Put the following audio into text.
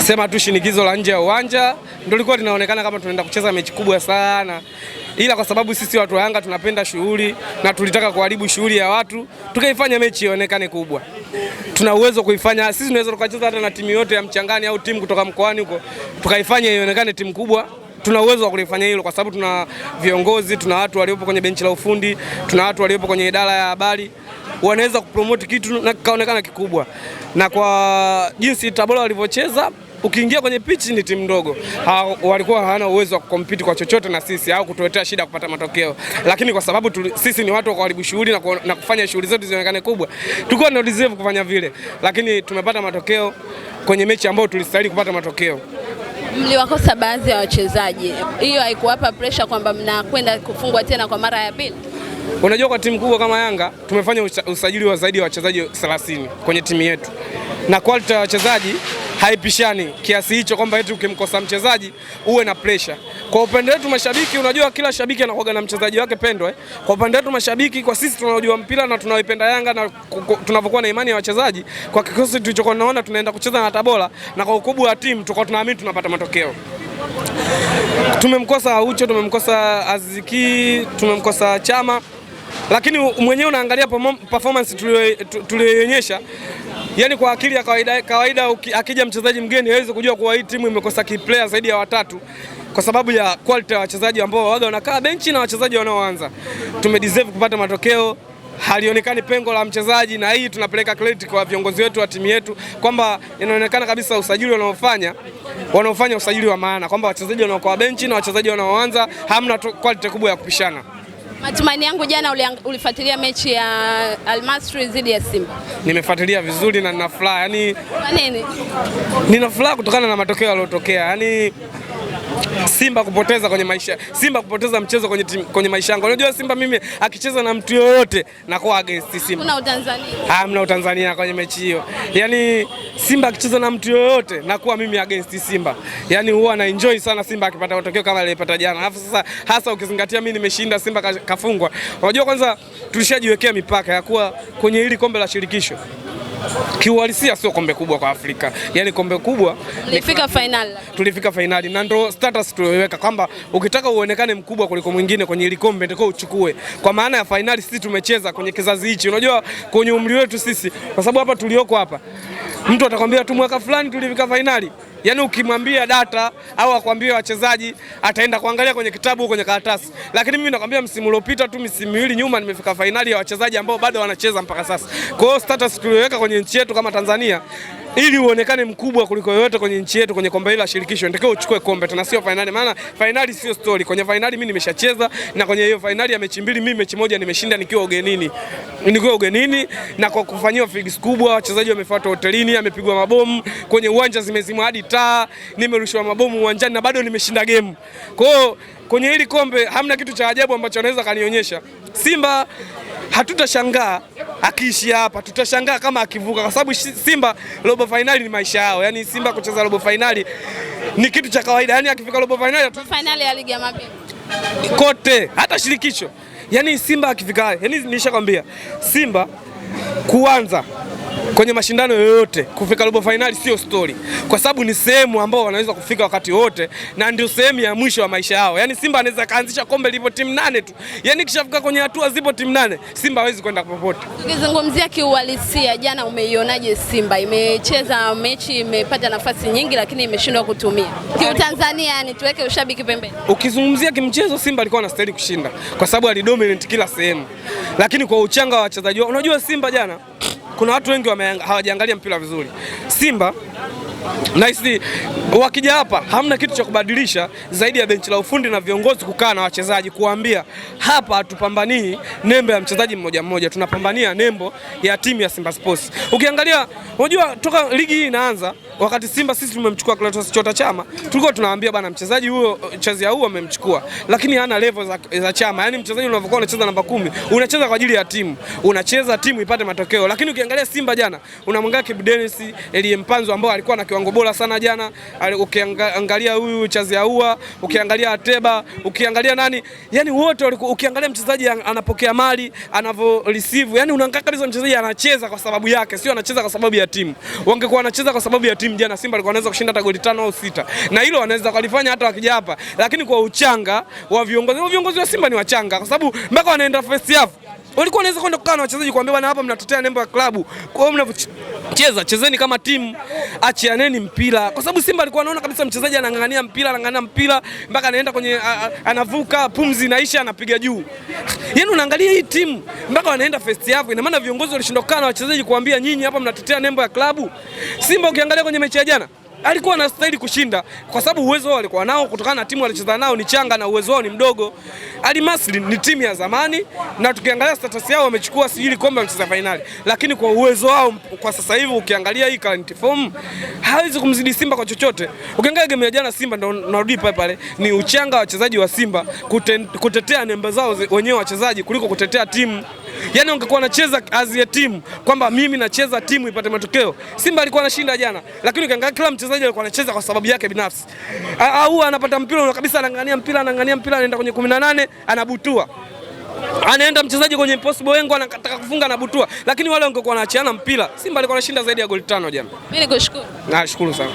sema tu shinikizo la nje ya uwanja ndio lilikuwa linaonekana kama tunaenda kucheza mechi kubwa sana, ila kwa sababu sisi watu wa Yanga tunapenda shughuli na tulitaka kuharibu shughuli ya watu, tukaifanya mechi ionekane kubwa. Tuna uwezo kuifanya sisi, tunaweza tukacheza hata na timu yote ya mchangani au timu kutoka mkoani huko, tukaifanya ionekane timu kubwa tuna uwezo wa kulifanya hilo kwa sababu tuna viongozi, tuna watu waliopo kwenye benchi la ufundi, tuna watu waliopo kwenye idara ya habari, wanaweza kupromote kitu na kikaonekana kikubwa. Na kwa jinsi Tabora walivyocheza ukiingia kwenye pichi ni timu ndogo, walikuwa hawana uwezo wa kucompete kwa chochote na sisi au kutuletea shida kupata matokeo, lakini kwa sababu tu, sisi ni watu wa kuharibu shughuli na, na kufanya shughuli zetu zionekane kubwa, tulikuwa na deserve kufanya vile, lakini tumepata matokeo kwenye mechi ambayo tulistahili kupata matokeo. Mliwakosa baadhi ya wachezaji, hiyo haikuwapa pressure kwamba mnakwenda kufungwa tena kwa mara ya pili? Unajua, kwa timu kubwa kama Yanga tumefanya usajili wa zaidi ya wachezaji 30 kwenye timu yetu na quality ya wachezaji haipishani kiasi hicho kwamba eti ukimkosa mchezaji uwe na pressure. Kwa upande wetu mashabiki, unajua kila shabiki anakuwa na mchezaji wake pendwa eh. Kwa upande wetu mashabiki, kwa sisi tunaojua mpira na tunaoipenda Yanga na tunavyokuwa na imani ya wachezaji, kwa kikosi tulichokuwa tunaona tunaenda kucheza na Tabora na kwa ukubwa wa timu tulikuwa tunaamini tunapata matokeo. Tumemkosa Aucho, tumemkosa Aziki, tumemkosa Chama, lakini mwenyewe unaangalia performance tuliyoionyesha yani kwa akili ya kawaida, kawaida akija mchezaji mgeni hawezi kujua kuwa hii timu imekosa key player zaidi ya watatu kwa sababu ya quality ya wachezaji ambao waga wanakaa benchi na wachezaji wanaoanza. deserve kupata matokeo, halionekani pengo la mchezaji, na hii tunapeleka credit kwa viongozi wetu wa timu yetu kwamba inaonekana kabisa usajili wanaofanya wanaofanya usajili wa maana kwamba wachezaji wanaokaa benchi na wachezaji wanaoanza hamna quality kubwa ya kupishana matumaini yangu jana ulifuatilia mechi ya Almasri dhidi ya Simba? Nimefuatilia vizuri na nina furaha. Yaani nini? Nina furaha kutokana na matokeo yaliyotokea. Yaani Simba kupoteza kwenye maisha, Simba kupoteza mchezo kwenye, tim, kwenye maisha yangu. Unajua Simba mimi akicheza na mtu yoyote nakuwa against Simba. Kuna Utanzania. Ah, mna Utanzania kwenye mechi hiyo. Yaani Simba akicheza na mtu yoyote nakuwa mimi against Simba. Yaani huwa na enjoy sana Simba akipata matokeo kama alipata jana. Alafu sasa hasa ukizingatia mimi nimeshinda Simba kafungwa. Unajua kwanza tulishajiwekea mipaka ya kuwa kwenye hili kombe la shirikisho kiuhalisia sio kombe kubwa kwa Afrika, yaani kombe kubwa tulifika finali, tulifika finali na ndo status tuliweka kwamba ukitaka uonekane mkubwa kuliko mwingine kwenye ile kombe ndio uchukue. Kwa maana ya finali sisi tumecheza kwenye kizazi hichi, unajua kwenye umri wetu sisi, kwa sababu hapa tulioko hapa, mtu atakwambia tu mwaka fulani tulifika finali. Yaani ukimwambia data au akwambie wachezaji ataenda kuangalia kwenye kitabu kwenye karatasi, lakini mimi nakwambia msimu uliopita tu misimu miwili nyuma nimefika fainali ya wachezaji ambao bado wanacheza mpaka sasa. Kwa hiyo status tuliyoweka kwenye nchi yetu kama Tanzania ili uonekane mkubwa kuliko yoyote kwenye nchi yetu, kwenye kombe hili la shirikisho, nitakiwa uchukue kombe tena, sio fainali. Maana fainali sio story. Kwenye fainali mimi nimeshacheza, na kwenye hiyo fainali ya mechi mbili mimi mechi moja nimeshinda nikiwa ugenini, nikiwa ugenini na kwa kufanyiwa figs kubwa, wachezaji wamefuata hotelini, amepigwa mabomu kwenye uwanja, zimezimwa hadi taa, nimerushwa mabomu uwanjani na bado nimeshinda game. kwao kwenye hili kombe hamna kitu cha ajabu ambacho anaweza kanionyesha. Simba hatutashangaa akiishia hapa, tutashangaa kama akivuka, kwa sababu Simba robo fainali ni maisha yao. Yani Simba kucheza robo fainali ni kitu cha kawaida, yani akifika robo finali, robo finali ya ligi ya mabingwa kote, hata shirikisho, yani Simba akifika, yani nishakwambia Simba kuanza kwenye mashindano yoyote kufika robo fainali sio stori, kwa sababu ni sehemu ambao wanaweza kufika wakati wote, na ndio sehemu ya mwisho wa maisha yao. Yani Simba anaweza kaanzisha kombe lipo timu nane tu, yani kishafika kwenye hatua zipo timu nane, Simba hawezi kwenda popote. Tukizungumzia kiuhalisia, jana umeionaje Simba? Imecheza mechi, imepata nafasi nyingi, lakini imeshindwa kutumia kiutanzania. Yani tuweke ushabiki pembeni, ukizungumzia kimchezo, Simba alikuwa anastahili kushinda kwa sababu alidominate kila sehemu, lakini kwa uchanga wa wachezaji wao, unajua Simba jana kuna watu wengi hawajaangalia mpira vizuri. Simba nahisi wakija hapa hamna kitu cha kubadilisha zaidi ya benchi la ufundi na viongozi kukaa na wachezaji kuambia, hapa hatupambanii nembo ya mchezaji mmoja mmoja, tunapambania nembo ya timu ya Simba Sports. Ukiangalia, unajua toka ligi hii inaanza wakati Simba sisi tumemchukua Clatous Chota Chama, tulikuwa tunawaambia bana, mchezaji huyo ya huo amemchukua, lakini hana level za, za Chama. Yani mchezaji unavyokuwa unacheza namba kumi, unacheza kwa ajili ya timu, unacheza timu ipate matokeo. Lakini ukiangalia Simba jana, unamwangalia Kibu Dennis, Elie Mpanzo ambao alikuwa na kiwango bora sana jana, ukiangalia huyu ya huo, ukiangalia Ateba, ukiangalia nani, yani wote walikuwa, ukiangalia mchezaji anapokea mali, anavyo receive, yani unaangalia kabisa mchezaji anacheza kwa sababu yake, sio anacheza kwa sababu ya timu. Wangekuwa anacheza kwa sababu ya timu timu jana Simba alikuwa anaweza kushinda hata goli tano au sita, na hilo wanaweza kulifanya hata wakija hapa, lakini kwa uchanga wa viongozi, viongozi wa Simba ni wachanga, kwa sababu mpaka wanaenda first half walikuwa wanaweza kwenda kukaa na wachezaji kuambia bwana, hapa mnatetea nembo ya klabu, kwa hiyo mnavyo Cheza chezeni kama timu, achianeni mpira, kwa sababu Simba alikuwa anaona kabisa mchezaji anang'ang'ania mpira, anang'ang'ania mpira mpaka anaenda kwenye a, anavuka, pumzi inaisha, anapiga juu. Yaani unaangalia hii timu mpaka wanaenda first half, ina maana viongozi walishindokana na wachezaji kuambia nyinyi hapa mnatetea nembo ya klabu Simba. Ukiangalia kwenye mechi ya jana alikuwa anastahili kushinda kwa sababu uwezo wao walikuwa nao kutokana na timu walicheza nao ni changa na uwezo wao ni mdogo. Al ni timu ya zamani na tukiangalia status yao wamechukua sijili kombe wamecheza fainali, lakini kwa uwezo wao kwa sasa hivi ukiangalia hii current form hawezi kumzidi Simba kwa chochote. Ukiangalia game ya jana Simba, ndo narudi pale pale, ni uchanga wa wachezaji wa Simba kutetea nembe zao wenyewe wachezaji kuliko kutetea timu. Yaani ungekuwa anacheza as a team kwamba mimi nacheza timu ipate matokeo. Simba alikuwa anashinda jana, lakini ukiangalia kila mchezaji alikuwa anacheza kwa sababu yake binafsi. Au anapata mpira kabisa, anang'ania mpira, anang'ania mpira, anaenda kwenye 18 anabutua anaenda mchezaji kwenye impossible wengo anataka kufunga na butua, lakini wale wangekuwa wanaachiana mpira, Simba alikuwa anashinda zaidi ya goli tano jana. Mimi nikushukuru. Nashukuru sana.